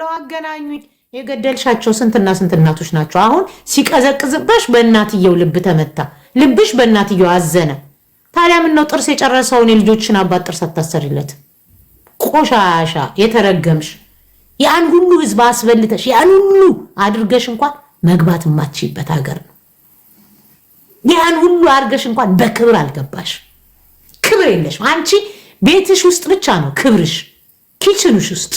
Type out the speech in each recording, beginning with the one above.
እልሻለሁ፣ አገናኙኝ። የገደልሻቸው ስንትና ስንት እናቶች ናቸው። አሁን ሲቀዘቅዝበሽ በእናትየው ልብ ተመታ፣ ልብሽ በእናትየው አዘነ። ታዲያ ምነው ጥርስ የጨረሰውን የልጆችን አባት ጥርስ አታሰሪለት? ቆሻሻ የተረገምሽ ያን ሁሉ ህዝብ አስበልተሽ ያን ሁሉ አድርገሽ እንኳን መግባት የማትችይበት ሀገር ነው። ያን ሁሉ አድርገሽ እንኳን በክብር አልገባሽ። ክብር የለሽም አንቺ። ቤትሽ ውስጥ ብቻ ነው ክብርሽ፣ ኪችንሽ ውስጥ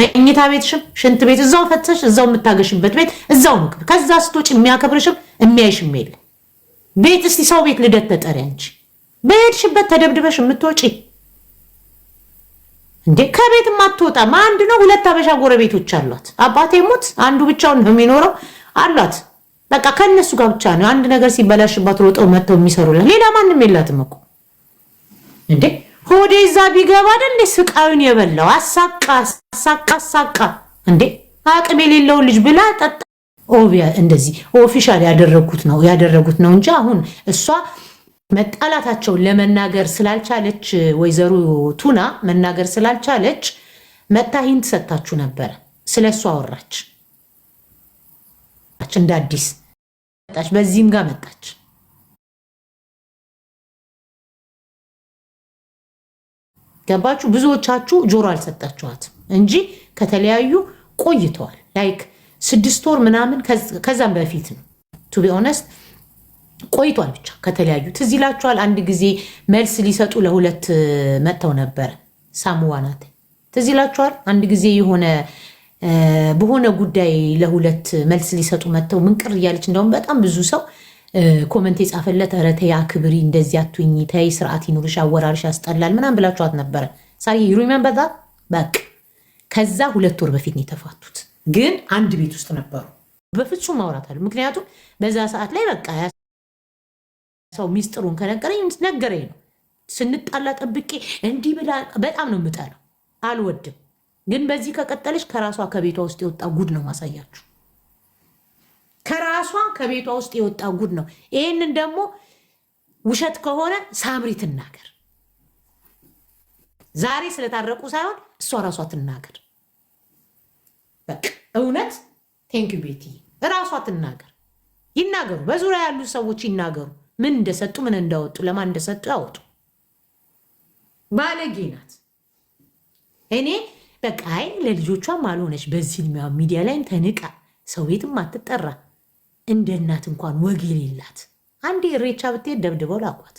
መኝታ ቤትሽም ሽንት ቤት እዛው ፈተሽ እዛው የምታገሽበት ቤት እዛው ምግብ ከዛ ስትወጪ የሚያከብርሽም የሚያይሽም የለ። ቤት እስቲ ሰው ቤት ልደት ተጠሪ እንጂ በሄድሽበት ተደብድበሽ የምትወጪ እንዴ? ከቤት አትወጣም። አንድ ነው ሁለት አበሻ ጎረቤቶች አሏት። አባቴ ሞት አንዱ ብቻውን ነው የሚኖረው አሏት። በቃ ከእነሱ ጋር ብቻ ነው አንድ ነገር ሲበላሽባት ሮጠው መጥተው የሚሰሩላት። ሌላ ማንም የላትም እኮ እንዴ ሆዴ እዛ ቢገባ አይደል እንዴ ስቃዩን የበላው። አሳቃ አሳቃ አሳቃ እንዴ አቅም የሌለውን ልጅ ብላ ጠጣ። እንደዚህ ኦፊሻል ያደረጉት ነው ያደረጉት ነው እንጂ አሁን እሷ መጣላታቸውን ለመናገር ስላልቻለች ወይዘሮ ቱና መናገር ስላልቻለች መታ ሂንት ሰጥታችሁ ነበረ። ስለ እሷ አወራች እንደ አዲስ መጣች፣ በዚህም ጋር መጣች። ገባችሁ? ብዙዎቻችሁ ጆሮ አልሰጣችኋት እንጂ ከተለያዩ ቆይተዋል። ላይክ ስድስት ወር ምናምን ከዛም በፊት ነው ቱ ቢ ኦነስት ቆይቷል ብቻ ከተለያዩ። ትዝ ይላችኋል አንድ ጊዜ መልስ ሊሰጡ ለሁለት መጥተው ነበር። ሳሙዋናት ናት። ትዝ ይላችኋል አንድ ጊዜ የሆነ በሆነ ጉዳይ ለሁለት መልስ ሊሰጡ መጥተው ምንቅር እያለች እንደውም በጣም ብዙ ሰው ኮመንት የጻፈለት ኧረ ተይ አክብሪ፣ እንደዚህ አትሁኝ፣ ተይ ስርዓት ይኑርሽ፣ አወራርሽ ያስጠላል ምናምን ብላችኋት ነበረ። ሳሪ ሩሚያን በዛ በቅ ከዛ ሁለት ወር በፊት ነው የተፋቱት፣ ግን አንድ ቤት ውስጥ ነበሩ። በፍጹም ማውራት አሉ። ምክንያቱም በዛ ሰዓት ላይ በቃ ሰው ሚስጥሩን ከነገረኝ ነገረኝ ነው። ስንጣላ ጠብቄ እንዲህ ብላ በጣም ነው የምጠለው፣ አልወድም። ግን በዚህ ከቀጠለች ከራሷ ከቤቷ ውስጥ የወጣ ጉድ ነው ማሳያችሁ። ከራሷ ከቤቷ ውስጥ የወጣ ጉድ ነው። ይህንን ደግሞ ውሸት ከሆነ ሳምሪ ትናገር። ዛሬ ስለታረቁ ሳይሆን እሷ ራሷ ትናገር። በቃ እውነት ቴንክ ቤቲ፣ ራሷ ትናገር። ይናገሩ፣ በዙሪያ ያሉ ሰዎች ይናገሩ። ምን እንደሰጡ ምን እንዳወጡ ለማን እንደሰጡ ያወጡ። ባለጌ ናት። እኔ በቃ አይ ለልጆቿም አልሆነች። በዚህ ሚዲያ ላይም ተንቃ ሰው ቤትም አትጠራ። እንደ እናት እንኳን ወግ የሌላት አንዴ እሬቻ ብትሄድ ደብድበው ላኳት።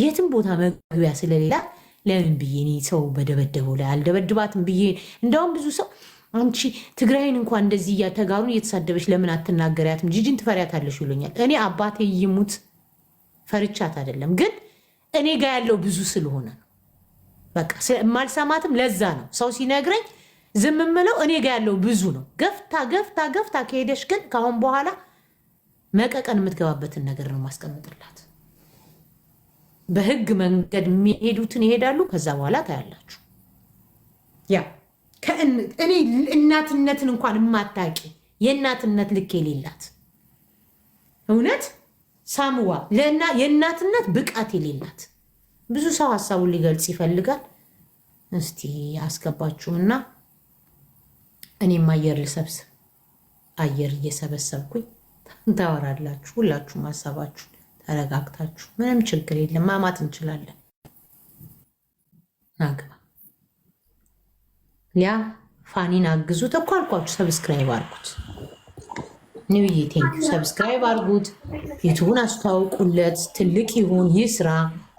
የትም ቦታ መግቢያ ስለሌላት ለምን ብዬ እኔ ሰው በደበደበው ላይ አልደበድባትም ብዬ እንደውም ብዙ ሰው አንቺ ትግራይን እንኳን እንደዚህ እያተጋሩን እየተሳደበች ለምን አትናገሪያትም? ጂጂን ትፈሪያታለሽ ይሉኛል። እኔ አባቴ ይሙት ፈርቻት አይደለም፣ ግን እኔ ጋ ያለው ብዙ ስለሆነ ነው። በቃ የማልሰማትም ለዛ ነው ሰው ሲነግረኝ ዝም ምለው እኔ ጋ ያለው ብዙ ነው። ገፍታ ገፍታ ገፍታ ከሄደሽ ግን ከአሁን በኋላ መቀቀን የምትገባበትን ነገር ነው ማስቀምጥላት። በህግ መንገድ የሚሄዱትን ይሄዳሉ። ከዛ በኋላ ታያላችሁ። ያ እኔ እናትነትን እንኳን የማታውቂ የእናትነት ልክ የሌላት እውነት ሳምዋ የእናትነት ብቃት የሌላት ብዙ ሰው ሀሳቡን ሊገልጽ ይፈልጋል። እስቲ አስገባችሁና እኔም አየር ልሰብስ አየር እየሰበሰብኩኝ ታወራላችሁ። ሁላችሁም ሀሳባችሁን ተረጋግታችሁ፣ ምንም ችግር የለም። ማማት እንችላለን። ናግባ ያ ፋኒን አግዙት እኮ አልኳችሁ። ሰብስክራይብ አርጉት። ኒውዬ ቴንኪው። ሰብስክራይብ አርጉት። ዩቱቡን አስተዋውቁለት። ትልቅ ይሁን ይህ ስራ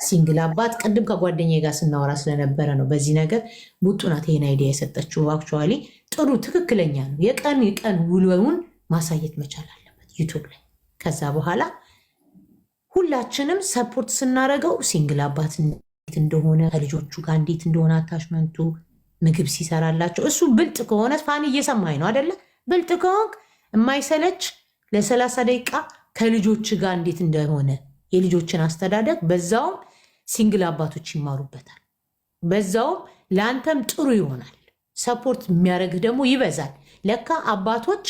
ሲንግል አባት ቅድም ከጓደኛ ጋር ስናወራ ስለነበረ ነው። በዚህ ነገር ቡጡ ይሄን አይዲያ የሰጠችው። አክቹዋሊ ጥሩ ትክክለኛ ነው። የቀን የቀን ውሎውን ማሳየት መቻል አለበት ዩቱብ ላይ። ከዛ በኋላ ሁላችንም ሰፖርት ስናደርገው ሲንግል አባት እንዴት እንደሆነ ከልጆቹ ጋር እንዴት እንደሆነ አታሽመንቱ ምግብ ሲሰራላቸው እሱ ብልጥ ከሆነ ፋኒ እየሰማኝ ነው አደለ? ብልጥ ከሆንክ የማይሰለች ለሰላሳ ደቂቃ ከልጆች ጋር እንዴት እንደሆነ የልጆችን አስተዳደግ በዛውም ሲንግል አባቶች ይማሩበታል። በዛውም ለአንተም ጥሩ ይሆናል። ሰፖርት የሚያደርግህ ደግሞ ይበዛል። ለካ አባቶች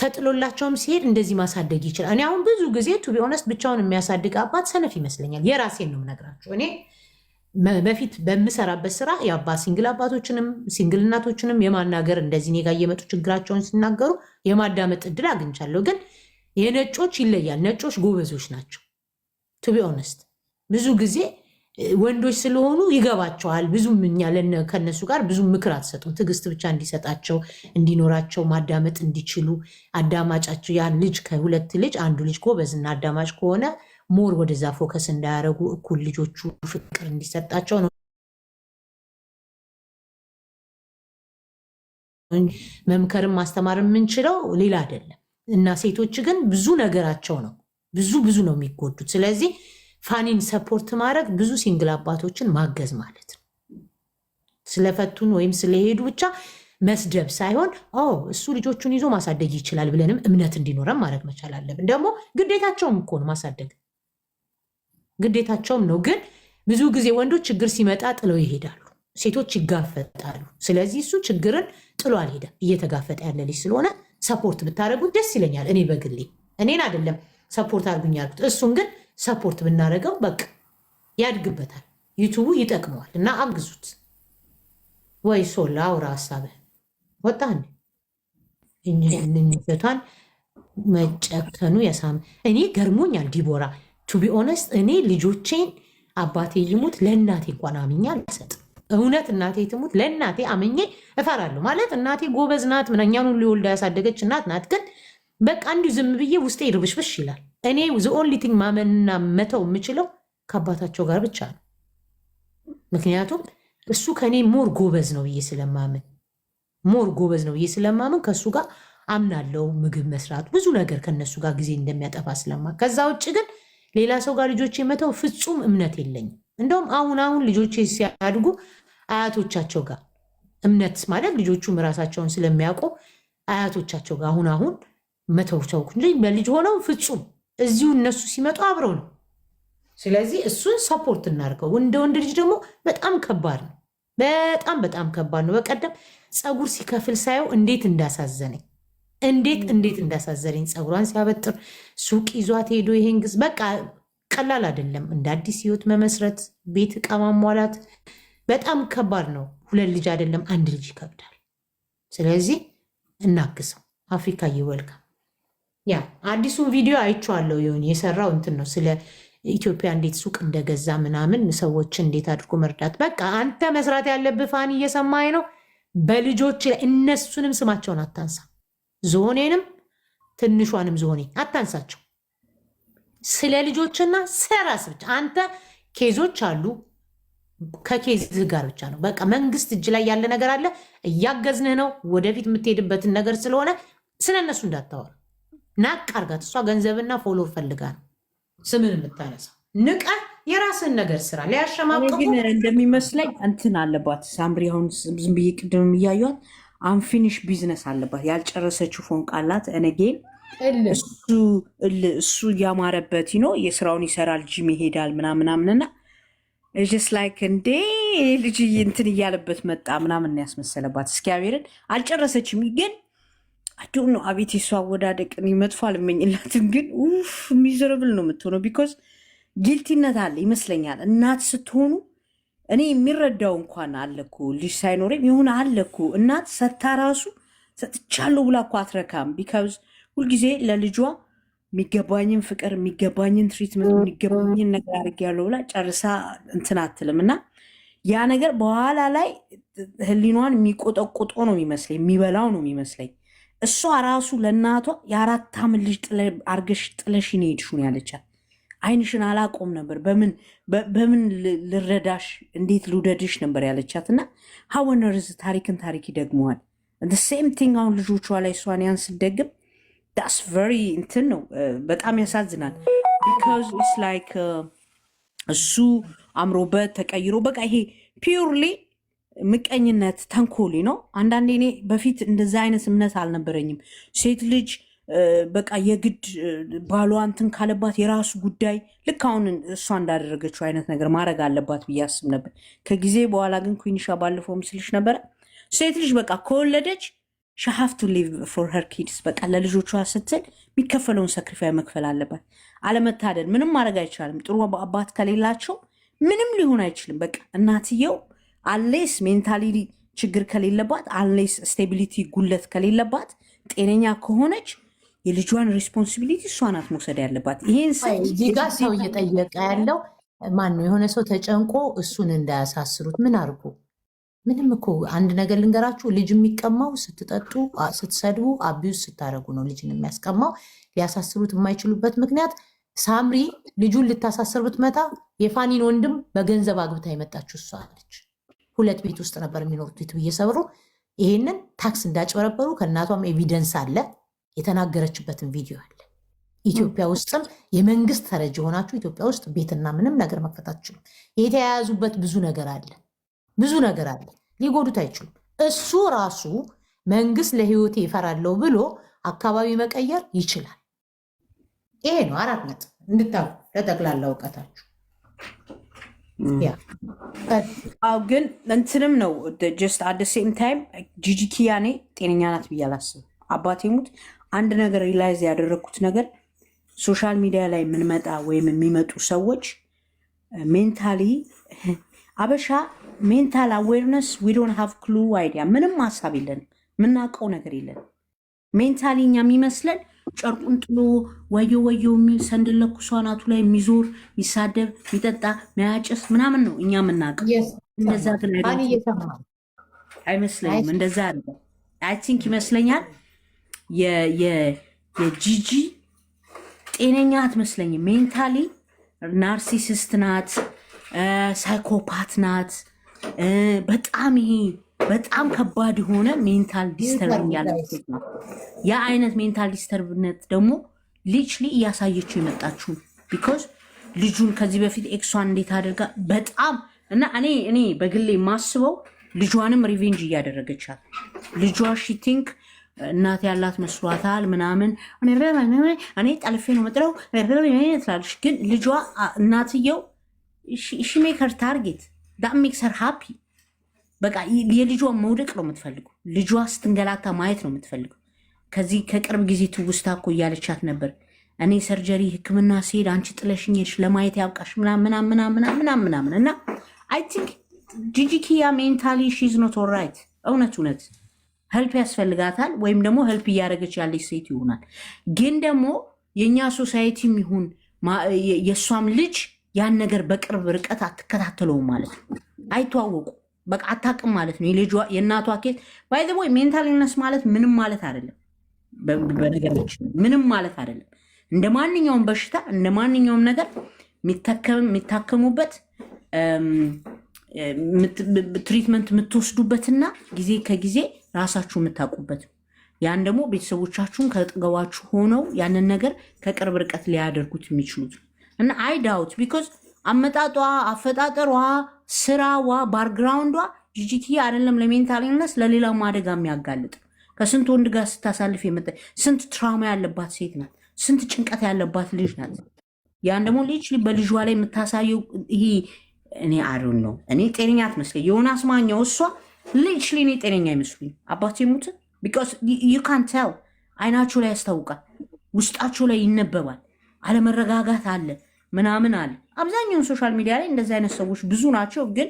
ተጥሎላቸውም ሲሄድ እንደዚህ ማሳደግ ይችላል። እኔ አሁን ብዙ ጊዜ ቱቢ ኦነስት ብቻውን የሚያሳድግ አባት ሰነፍ ይመስለኛል። የራሴን ነው የምነግራቸው። እኔ በፊት በምሰራበት ስራ የአባ ሲንግል አባቶችንም ሲንግል እናቶችንም የማናገር እንደዚህ እኔ ጋር እየመጡ ችግራቸውን ሲናገሩ የማዳመጥ እድል አግኝቻለሁ። ግን የነጮች ይለያል። ነጮች ጎበዞች ናቸው ቱቢ ኦነስት ብዙ ጊዜ ወንዶች ስለሆኑ ይገባቸዋል። ብዙም እኛ ከነሱ ጋር ብዙ ምክር አትሰጡም። ትዕግስት ብቻ እንዲሰጣቸው እንዲኖራቸው ማዳመጥ እንዲችሉ አዳማጫቸው ያን ልጅ ከሁለት ልጅ አንዱ ልጅ ጎበዝና አዳማጭ ከሆነ ሞር ወደዛ ፎከስ እንዳያደረጉ እኩል ልጆቹ ፍቅር እንዲሰጣቸው ነው። መምከርም ማስተማር የምንችለው ሌላ አይደለም እና ሴቶች ግን ብዙ ነገራቸው ነው ብዙ ብዙ ነው የሚጎዱት ስለዚህ ፋኒን ሰፖርት ማድረግ ብዙ ሲንግል አባቶችን ማገዝ ማለት ነው። ስለፈቱን ወይም ስለሄዱ ብቻ መስደብ ሳይሆን እሱ ልጆቹን ይዞ ማሳደግ ይችላል ብለንም እምነት እንዲኖረን ማድረግ መቻል አለብን። ደግሞ ግዴታቸውም እኮ ነው ማሳደግ ግዴታቸውም ነው። ግን ብዙ ጊዜ ወንዶች ችግር ሲመጣ ጥለው ይሄዳሉ፣ ሴቶች ይጋፈጣሉ። ስለዚህ እሱ ችግርን ጥሎ አልሄደም፣ እየተጋፈጠ ያለ ልጅ ስለሆነ ሰፖርት ብታደረጉት ደስ ይለኛል። እኔ በግሌ እኔን አይደለም ሰፖርት አድርጉኝ ያልኩት እሱን ግን ሰፖርት ብናደርገው በቃ ያድግበታል፣ ዩቱቡ ይጠቅመዋል። እና አግዙት። ወይ ሶላ አውራ ሀሳብህን ወጣ እኝበቷን መጨከኑ ያሳም እኔ ገርሞኛል። ዲቦራ ቱ ቢ ኦነስት እኔ ልጆቼን አባቴ ይሙት ለእናቴ እንኳን አምኛ አልሰጥም። እውነት እናቴ ትሙት ለእናቴ አምኜ እፈራለሁ። ማለት እናቴ ጎበዝ ናት፣ ምናኛኑ ሊወልዳ ያሳደገች እናት ናት። ግን በቃ እንዲሁ ዝም ብዬ ውስጤ ርብሽብሽ ይላል። እኔ ዘኦንሊ ቲንግ ማመንና መተው የምችለው ከአባታቸው ጋር ብቻ ነው። ምክንያቱም እሱ ከእኔ ሞር ጎበዝ ነው ብዬ ስለማምን ሞር ጎበዝ ነው ብዬ ስለማምን ከእሱ ጋር አምናለው። ምግብ መስራት፣ ብዙ ነገር ከነሱ ጋር ጊዜ እንደሚያጠፋ ስለማ ከዛ ውጭ ግን ሌላ ሰው ጋር ልጆቼ መተው ፍጹም እምነት የለኝም። እንደውም አሁን አሁን ልጆቼ ሲያድጉ አያቶቻቸው ጋር እምነት ማለት ልጆቹም ራሳቸውን ስለሚያውቁ አያቶቻቸው ጋር አሁን አሁን መተው ሰው ልጅ ሆነው ፍጹም እዚሁ እነሱ ሲመጡ አብረው ነው። ስለዚህ እሱን ሰፖርት እናድርገው። እንደ ወንድ ልጅ ደግሞ በጣም ከባድ ነው። በጣም በጣም ከባድ ነው። በቀደም ፀጉር ሲከፍል ሳየው እንዴት እንዳሳዘነኝ እንዴት እንዴት እንዳሳዘነኝ ፀጉሯን ሲያበጥር ሱቅ ይዟት ሄዶ ይሄን ግዝ በቃ ቀላል አይደለም። እንደ አዲስ ህይወት መመስረት፣ ቤት ዕቃ ማሟላት በጣም ከባድ ነው። ሁለት ልጅ አይደለም አንድ ልጅ ይከብዳል። ስለዚህ እናግሰው። አፍሪካ ይወልካም ያ አዲሱን ቪዲዮ አይቼዋለሁ። የሆነ የሰራው እንትን ነው ስለ ኢትዮጵያ እንዴት ሱቅ እንደገዛ ምናምን ሰዎች እንዴት አድርጎ መርዳት። በቃ አንተ መስራት ያለብህ ፋን እየሰማኝ ነው። በልጆች ላይ እነሱንም ስማቸውን አታንሳ፣ ዝሆኔንም ትንሿንም ዝሆኔ አታንሳቸው። ስለ ልጆችና ሰራስ ብቻ አንተ ኬዞች አሉ ከኬዝህ ጋር ብቻ ነው በቃ መንግስት እጅ ላይ ያለ ነገር አለ፣ እያገዝንህ ነው ወደፊት የምትሄድበትን ነገር ስለሆነ ስለ እነሱ እንዳታወራ። ናቅ አርጋት። እሷ ገንዘብና ፎሎ ፈልጋ ነው ስምን የምታነሳው። ንቀ የራስን ነገር ስራ ሊያሸማቅቁ እንደሚመስለኝ እንትን አለባት ሳምሪ። አሁን ዝም ብዬ ቅድም እያዩት አንፊኒሽ ቢዝነስ አለባት ያልጨረሰችው ፎን ቃላት እነጌን እሱ እያማረበት ይኖ የስራውን ይሰራል፣ ጂም ይሄዳል ምናምናምንና ጀስት ላይክ እንዴ ልጅ እንትን እያለበት መጣ ምናምን ያስመሰለባት። እስኪ አቤርን አልጨረሰችም ግን አዶን ነው አቤት የሷ አወዳደቅ መጥፎ አልመኝላትም፣ ግን ኡፍ ሚዘረብል ነው የምትሆነው። ቢኮዝ ጊልቲነት አለ ይመስለኛል። እናት ስትሆኑ እኔ የሚረዳው እንኳን አለኩ ልጅ ሳይኖረኝ የሆነ አለኩ እናት ሰታ ራሱ ሰጥቻለሁ ብላ እኮ አትረካም። ቢካዝ ሁልጊዜ ለልጇ የሚገባኝን ፍቅር የሚገባኝን ትሪትመንት የሚገባኝን ነገር አድርጌያለሁ ብላ ጨርሳ እንትን አትልም እና ያ ነገር በኋላ ላይ ህሊኗን የሚቆጠቁጦ ነው የሚመስለኝ የሚበላው ነው የሚመስለኝ። እሷ ራሱ ለእናቷ የአራት ዓመት ልጅ አርገሽ ጥለሽ ነው የሄድሽው ያለቻት። አይንሽን አላቆም ነበር በምን በምን ልረዳሽ እንዴት ልውደድሽ ነበር ያለቻት። እና ሀወነርዝ ታሪክን ታሪክ ይደግመዋል። ሴም ቲንግ አሁን ልጆቿ ላይ እሷን ያን ስደግም ዳስ ቨሪ እንትን ነው በጣም ያሳዝናል። ቢካዝ ኢትስ ላይክ እሱ አምሮበት ተቀይሮ በቃ ይሄ ፒውርሊ ምቀኝነት፣ ተንኮሌ ነው። አንዳንዴ እኔ በፊት እንደዚ አይነት እምነት አልነበረኝም። ሴት ልጅ በቃ የግድ ባሏ እንትን ካለባት የራሱ ጉዳይ ልክ አሁን እሷ እንዳደረገችው አይነት ነገር ማድረግ አለባት ብዬ አስብ ነበር። ከጊዜ በኋላ ግን ኩንሻ ባለፈው ምስልሽ ነበረ ሴት ልጅ በቃ ከወለደች ሻሃፍ ቱ ሊቭ ፎር ሄር ኪድስ በቃ ለልጆቿ ስትል የሚከፈለውን ሰክሪፋይ መክፈል አለባት። አለመታደል ምንም ማድረግ አይቻልም። ጥሩ አባት ከሌላቸው ምንም ሊሆን አይችልም። በቃ እናትየው አንሌስ ሜንታሊ ችግር ከሌለባት አንሌስ ስቴቢሊቲ ጉለት ከሌለባት ጤነኛ ከሆነች የልጇን ሪስፖንሲቢሊቲ እሷ ናት መውሰድ ያለባት። ይሄን እዚህ ሰው እየጠየቀ ያለው ማን ነው? የሆነ ሰው ተጨንቆ እሱን እንዳያሳስሩት ምን አርጉ? ምንም እኮ አንድ ነገር ልንገራችሁ፣ ልጅ የሚቀማው ስትጠጡ፣ ስትሰድቡ፣ አቢዩዝ ስታደረጉ ነው ልጅን የሚያስቀማው። ሊያሳስሩት የማይችሉበት ምክንያት ሳምሪ ልጁን ልታሳስር ብትመታ የፋኒን ወንድም በገንዘብ አግብታ የመጣችሁ እሷ አለች። ሁለት ቤት ውስጥ ነበር የሚኖሩት ቤት እየሰብሩ ይሄንን ታክስ እንዳጭበረበሩ ከእናቷም ኤቪደንስ አለ፣ የተናገረችበትን ቪዲዮ አለ። ኢትዮጵያ ውስጥም የመንግስት ተረጅ የሆናችሁ ኢትዮጵያ ውስጥ ቤትና ምንም ነገር መክፈት አትችሉም። የተያያዙበት ብዙ ነገር አለ፣ ብዙ ነገር አለ። ሊጎዱት አይችሉም። እሱ ራሱ መንግስት ለህይወቴ ይፈራለሁ ብሎ አካባቢ መቀየር ይችላል። ይሄ ነው አራት ነጥብ እንድታውቁ ለጠቅላላ እውቀታችሁ Mm. አዎ ግን እንትንም ነው ጀስት አደ ሴም ታይም ጂጂ ጤነኛ ናት ብዬ አላስብም። አባቴ ሙት አንድ ነገር ሪላይዝ ያደረግኩት ነገር ሶሻል ሚዲያ ላይ የምንመጣ ወይም የሚመጡ ሰዎች ሜንታሊ አበሻ ሜንታል አዌርነስ ዶን ሃቭ ክሉ አይዲያ ምንም ሀሳብ የለንም። የምናውቀው ነገር የለንም። ሜንታሊ እኛ የሚመስለን ጨርቁን ጥሎ ወዮ ወዮ የሚል ሰንድል ለኩሶ አናቱ ላይ የሚዞር የሚሳደብ የሚጠጣ የሚያጨስ ምናምን ነው እኛ የምናውቀው። እንደዛ ግን አይመስለኝም። እንደዛ አለ አይ ቲንክ ይመስለኛል። የጂጂ ጤነኛ አትመስለኝም። ሜንታሊ ናርሲሲስት ናት፣ ሳይኮፓት ናት። በጣም ይሄ በጣም ከባድ የሆነ ሜንታል ዲስተርብ ያለበት ነው። ያ አይነት ሜንታል ዲስተርብነት ደግሞ ልጅ ሊ እያሳየችው የመጣችው ቢኮዝ ልጁን ከዚህ በፊት ኤክሷን እንዴት አድርጋ በጣም እና እኔ እኔ በግሌ ማስበው ልጇንም ሪቬንጅ እያደረገቻል። ልጇ ሺቲንክ እናት ያላት መስሏታል ምናምን እኔ ጠልፌ ነው መጥለው ትላለች። ግን ልጇ እናትየው ሺሜከር ታርጌት ዳት ሜክስ ሀር ሃፒ በቃ የልጇን መውደቅ ነው የምትፈልጉ ልጇ ስትንገላታ ማየት ነው የምትፈልገ ከዚህ ከቅርብ ጊዜ ትውስታ እኮ እያለቻት ነበር እኔ ሰርጀሪ ህክምና ሲሄድ አንቺ ጥለሽኝ ሄድሽ ለማየት ያብቃሽ ምናምናምናምናምናምን እና አይ ቲንክ ጂጂኪያ ሜንታሊ ሺዝ ኖት ኦራይት። እውነት እውነት ህልፕ ያስፈልጋታል፣ ወይም ደግሞ ህልፕ እያደረገች ያለች ሴት ይሆናል። ግን ደግሞ የእኛ ሶሳይቲም ይሁን የእሷም ልጅ ያን ነገር በቅርብ ርቀት አትከታተለውም ማለት ነው፣ አይተዋወቁ በቃ አታቅም ማለት ነው። የልጇ የእናቷ ኬስ ባይ ዘ ወይ ሜንታልነስ ማለት ምንም ማለት አይደለም። በነገሮች ምንም ማለት አይደለም። እንደ ማንኛውም በሽታ እንደ ማንኛውም ነገር የሚታከሙበት ትሪትመንት የምትወስዱበትና ጊዜ ከጊዜ ራሳችሁ የምታውቁበት ያን ደግሞ ቤተሰቦቻችሁን ከጥገባችሁ ሆነው ያንን ነገር ከቅርብ ርቀት ሊያደርጉት የሚችሉት እና አይ ዳውት ቢኮዝ አመጣጧ አፈጣጠሯ ስራዋ፣ ባርግራውንዷ ጂጂኪያ አይደለም ለሜንታልነስ ለሌላ ማደጋ የሚያጋልጥ ከስንት ወንድ ጋር ስታሳልፍ የመጣ ስንት ትራውማ ያለባት ሴት ናት። ስንት ጭንቀት ያለባት ልጅ ናት። ያን ደግሞ ልጅ በልጇ ላይ የምታሳየው ይሄ እኔ አዱን ነው። እኔ ጤነኛ አትመስለኝ። ዮናስ ማኛው እሷ ልጅ እኔ ጤነኛ አይመስሉኝ። አባት የሙትን ቢካስ ዩ ካን ቴል አይናችሁ ላይ ያስታውቃል። ውስጣችሁ ላይ ይነበባል። አለመረጋጋት አለ ምናምን አለ አብዛኛውን ሶሻል ሚዲያ ላይ እንደዚህ አይነት ሰዎች ብዙ ናቸው። ግን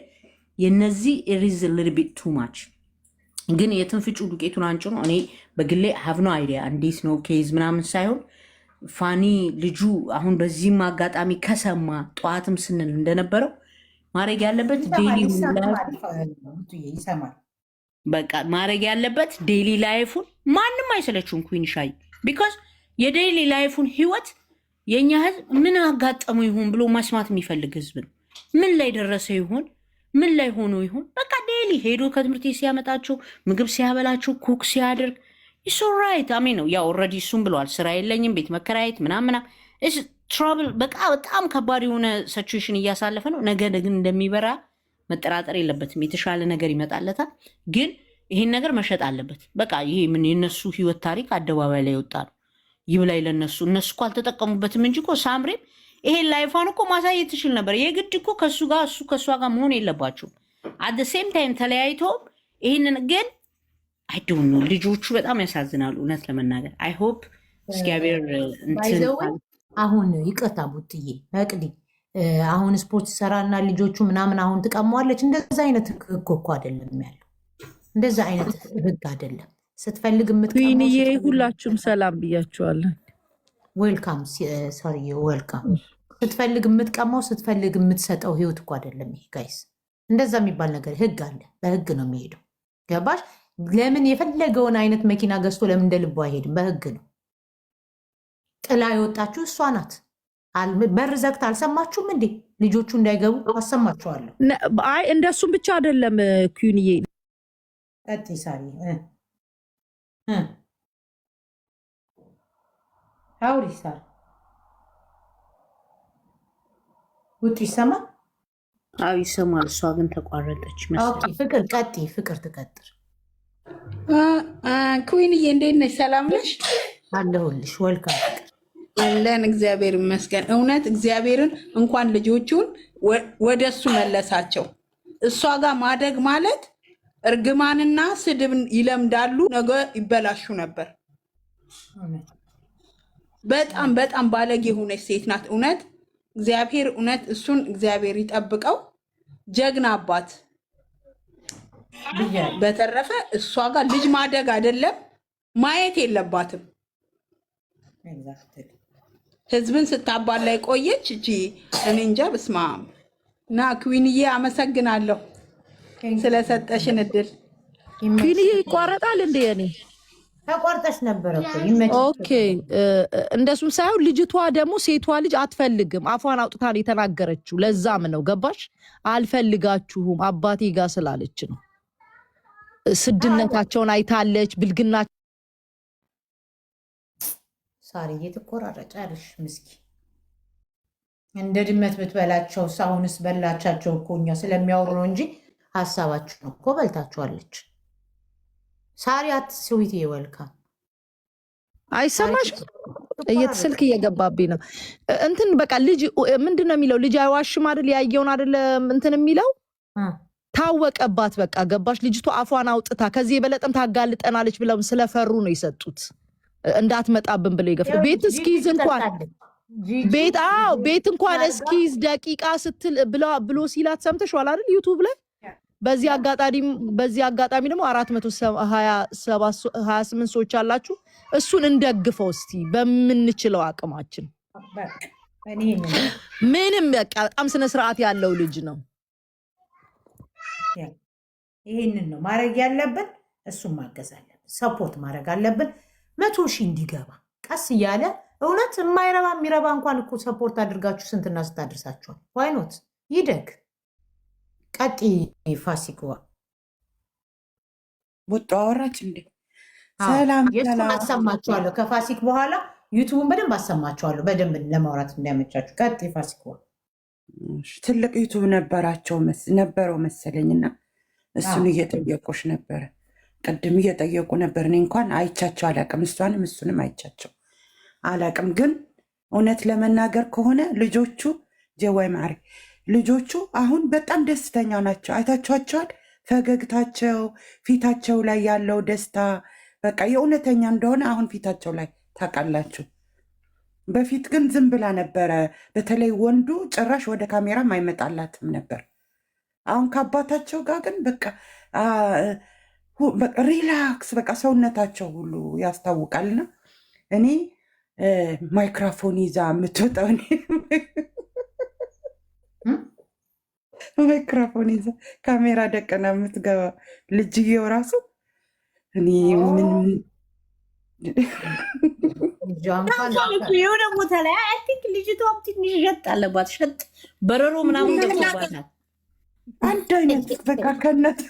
የነዚህ ሪዝ ልርቢት ቱ ማች ግን የትንፍጩ ዱቄቱን አንጩ ነው። እኔ በግሌ ሀቭ ኖ አይዲያ እንዴት ነው ኬዝ ምናምን ሳይሆን ፋኒ ልጁ አሁን በዚህም አጋጣሚ ከሰማ ጠዋትም ስንል እንደነበረው ማድረግ ያለበት በቃ ማድረግ ያለበት ዴይሊ ላይፉን ማንም አይሰለችውም ኩንሻይ ቢካዝ የዴይሊ ላይፉን ህይወት የእኛ ህዝብ ምን አጋጠመው ይሆን ብሎ ማስማት የሚፈልግ ህዝብ ነው። ምን ላይ ደረሰ ይሆን? ምን ላይ ሆኖ ይሆን? በቃ ዴይሊ ሄዶ ከትምህርት ሲያመጣችሁ፣ ምግብ ሲያበላችሁ፣ ኩክ ሲያደርግ ኢስ አሜ ነው ያው ኦልሬዲ እሱም ብለዋል። ስራ የለኝም ቤት መከራየት ምናምና ትራብል በቃ በጣም ከባድ የሆነ ሰችዌሽን እያሳለፈ ነው። ነገ ግን እንደሚበራ መጠራጠር የለበትም። የተሻለ ነገር ይመጣለታል። ግን ይህን ነገር መሸጥ አለበት። በቃ ይሄ ምን የነሱ ህይወት ታሪክ አደባባይ ላይ ይወጣ ነው። ይብላይ ለነሱ። እነሱ እኮ አልተጠቀሙበትም እንጂ እኮ ሳምሬም ይሄን ላይፏን እኮ ማሳየት ትችል ነበር። የግድ እኮ ከሱ ጋር እሱ ከእሷ ጋር መሆን የለባቸውም። አደ ሴም ታይም ተለያይተውም ይህንን ግን አይደውኑ ልጆቹ በጣም ያሳዝናሉ። እውነት ለመናገር አይ ሆፕ እግዚአብሔር uh, አሁን ይቅርታ ቡትዬ መቅዲ uh, አሁን ስፖርት ሰራና ልጆቹ ምናምን አሁን ትቀመዋለች። እንደዛ አይነት ህግ እኮ አይደለም ያለው። እንደዛ አይነት ህግ አይደለም ስትፈልግ ምትዊንዬ ሁላችሁም ሰላም ብያችኋለን። ዌልካም ሶሪ ዌልካም። ስትፈልግ የምትቀማው ስትፈልግ የምትሰጠው ህይወት እኮ አይደለም ይሄ ጋይስ። እንደዛ የሚባል ነገር ህግ አለ። በህግ ነው የሚሄደው። ገባሽ? ለምን የፈለገውን አይነት መኪና ገዝቶ ለምን እንደ ልቡ አይሄድም? በህግ ነው። ጥላ የወጣችሁ እሷ ናት። በር ዘግት አልሰማችሁም እንዴ? ልጆቹ እንዳይገቡ አሰማችኋለሁ። አይ እንደሱም ብቻ አይደለም ኩንዬ ቀጥ አውሪ አውሪሳል ውጡ ይሰማል? አዎ ይሰማል። እሷ ግን ተቋረጠች መሰለኝ። ፍቅር ቀጥይ፣ ፍቅር ትቀጥር። ኩዊንዬ እንዴት ነሽ? ሰላም ነሽ? አለሁልሽ። ወልካም አለን። እግዚአብሔር ይመስገን። እውነት እግዚአብሔርን እንኳን ልጆቹን ወደሱ መለሳቸው። እሷ ጋር ማደግ ማለት እርግማንና ስድብ ይለምዳሉ፣ ነገ ይበላሹ ነበር። በጣም በጣም ባለጌ የሆነች ሴት ናት። እውነት እግዚአብሔር እውነት እሱን እግዚአብሔር ይጠብቀው። ጀግና አባት። በተረፈ እሷ ጋር ልጅ ማደግ አይደለም ማየት የለባትም። ህዝብን ስታባል ላይ ቆየች። እቺ እኔ እንጃ። ብስማ እና ክዊንዬ አመሰግናለሁ። ስለሰጠሽን እድል። ቢኒዬ ይቋረጣል እንዴ? እኔ ተቆርጠሽ ነበረ። ኦኬ እንደሱም ሳይሆን ልጅቷ ደግሞ ሴቷ ልጅ አትፈልግም፣ አፏን አውጥታ የተናገረችው ለዛም ነው ገባሽ? አልፈልጋችሁም አባቴ ጋር ስላለች ነው። ስድነታቸውን አይታለች፣ ብልግና ሳሪ እየተቆራረጠ ያለሽ ምስኪ እንደ ድመት ብትበላቸው ሳሁንስ በላቻቸው እኮ እኛ ስለሚያወሩ ነው እንጂ ሀሳባችሁን እኮ በልታችኋለች። ሳሪያት ስዊት ይወልካ አይሰማሽ? እየተስልክ እየገባብኝ ነው። እንትን በቃ ልጅ ምንድን ነው የሚለው? ልጅ አይዋሽም አይደል? ያየውን አይደለ እንትን የሚለው ታወቀባት። በቃ ገባሽ? ልጅቱ አፏን አውጥታ ከዚህ የበለጠም ታጋልጠናለች ብለው ስለፈሩ ነው የሰጡት። እንዳትመጣብን ብለው ይገፍ ቤት እስኪይዝ እንኳን ቤት ቤት እንኳን እስኪይዝ ደቂቃ ስትል ብሎ ሲላት ሰምተሽ አይደል? ዩቱብ ላይ በዚህ አጋጣሚ በዚህ አጋጣሚ ደግሞ አራት መቶ ሀያ ስምንት ሰዎች አላችሁ። እሱን እንደግፈው እስቲ በምንችለው አቅማችን። ምንም በቃ በጣም ስነ ስርዓት ያለው ልጅ ነው። ይህንን ነው ማድረግ ያለብን። እሱን ማገዝ አለብን። ሰፖርት ማድረግ አለብን። መቶ ሺህ እንዲገባ ቀስ እያለ እውነት የማይረባ የሚረባ እንኳን እኮ ሰፖርት አድርጋችሁ ስንትና ስታደርሳችኋል። ዋይኖት ይደግ ቀጢ ፋሲክዋ ቦጦ አወራች እንዴ? ሰላም አሰማችኋለሁ። ከፋሲክ በኋላ ዩቱቡን በደንብ አሰማችኋለሁ፣ በደንብ ለማውራት እንዲያመቻችሁ። ቀጥ ፋሲክዋ ትልቅ ዩቱብ ነበራቸው ነበረው መሰለኝና እሱን እየጠየቁሽ ነበረ። ቅድም እየጠየቁ ነበር። እኔ እንኳን አይቻቸው አላቅም፣ እሷንም እሱንም አይቻቸው አላቅም። ግን እውነት ለመናገር ከሆነ ልጆቹ ጀዋይ ማሪ ልጆቹ አሁን በጣም ደስተኛ ናቸው። አይታችኋቸዋል። ፈገግታቸው፣ ፊታቸው ላይ ያለው ደስታ በቃ የእውነተኛ እንደሆነ አሁን ፊታቸው ላይ ታውቃላችሁ። በፊት ግን ዝም ብላ ነበረ። በተለይ ወንዱ ጭራሽ ወደ ካሜራም አይመጣላትም ነበር። አሁን ከአባታቸው ጋር ግን በቃ ሪላክስ፣ በቃ ሰውነታቸው ሁሉ ያስታውቃልና እኔ ማይክራፎን ይዛ የምትወጣው ማይክሮፎን ይዛ ካሜራ ደቀና የምትገባ ልጅየው ራሱ እኔ ምን የሆነ ቦታ ላይ አይ ቲንክ ልጅቷም ትንሽ ሸጥ አለባት። ሸጥ በረሮ ምናምን ገብቶባታል። አንድ አይነት በቃ ከነት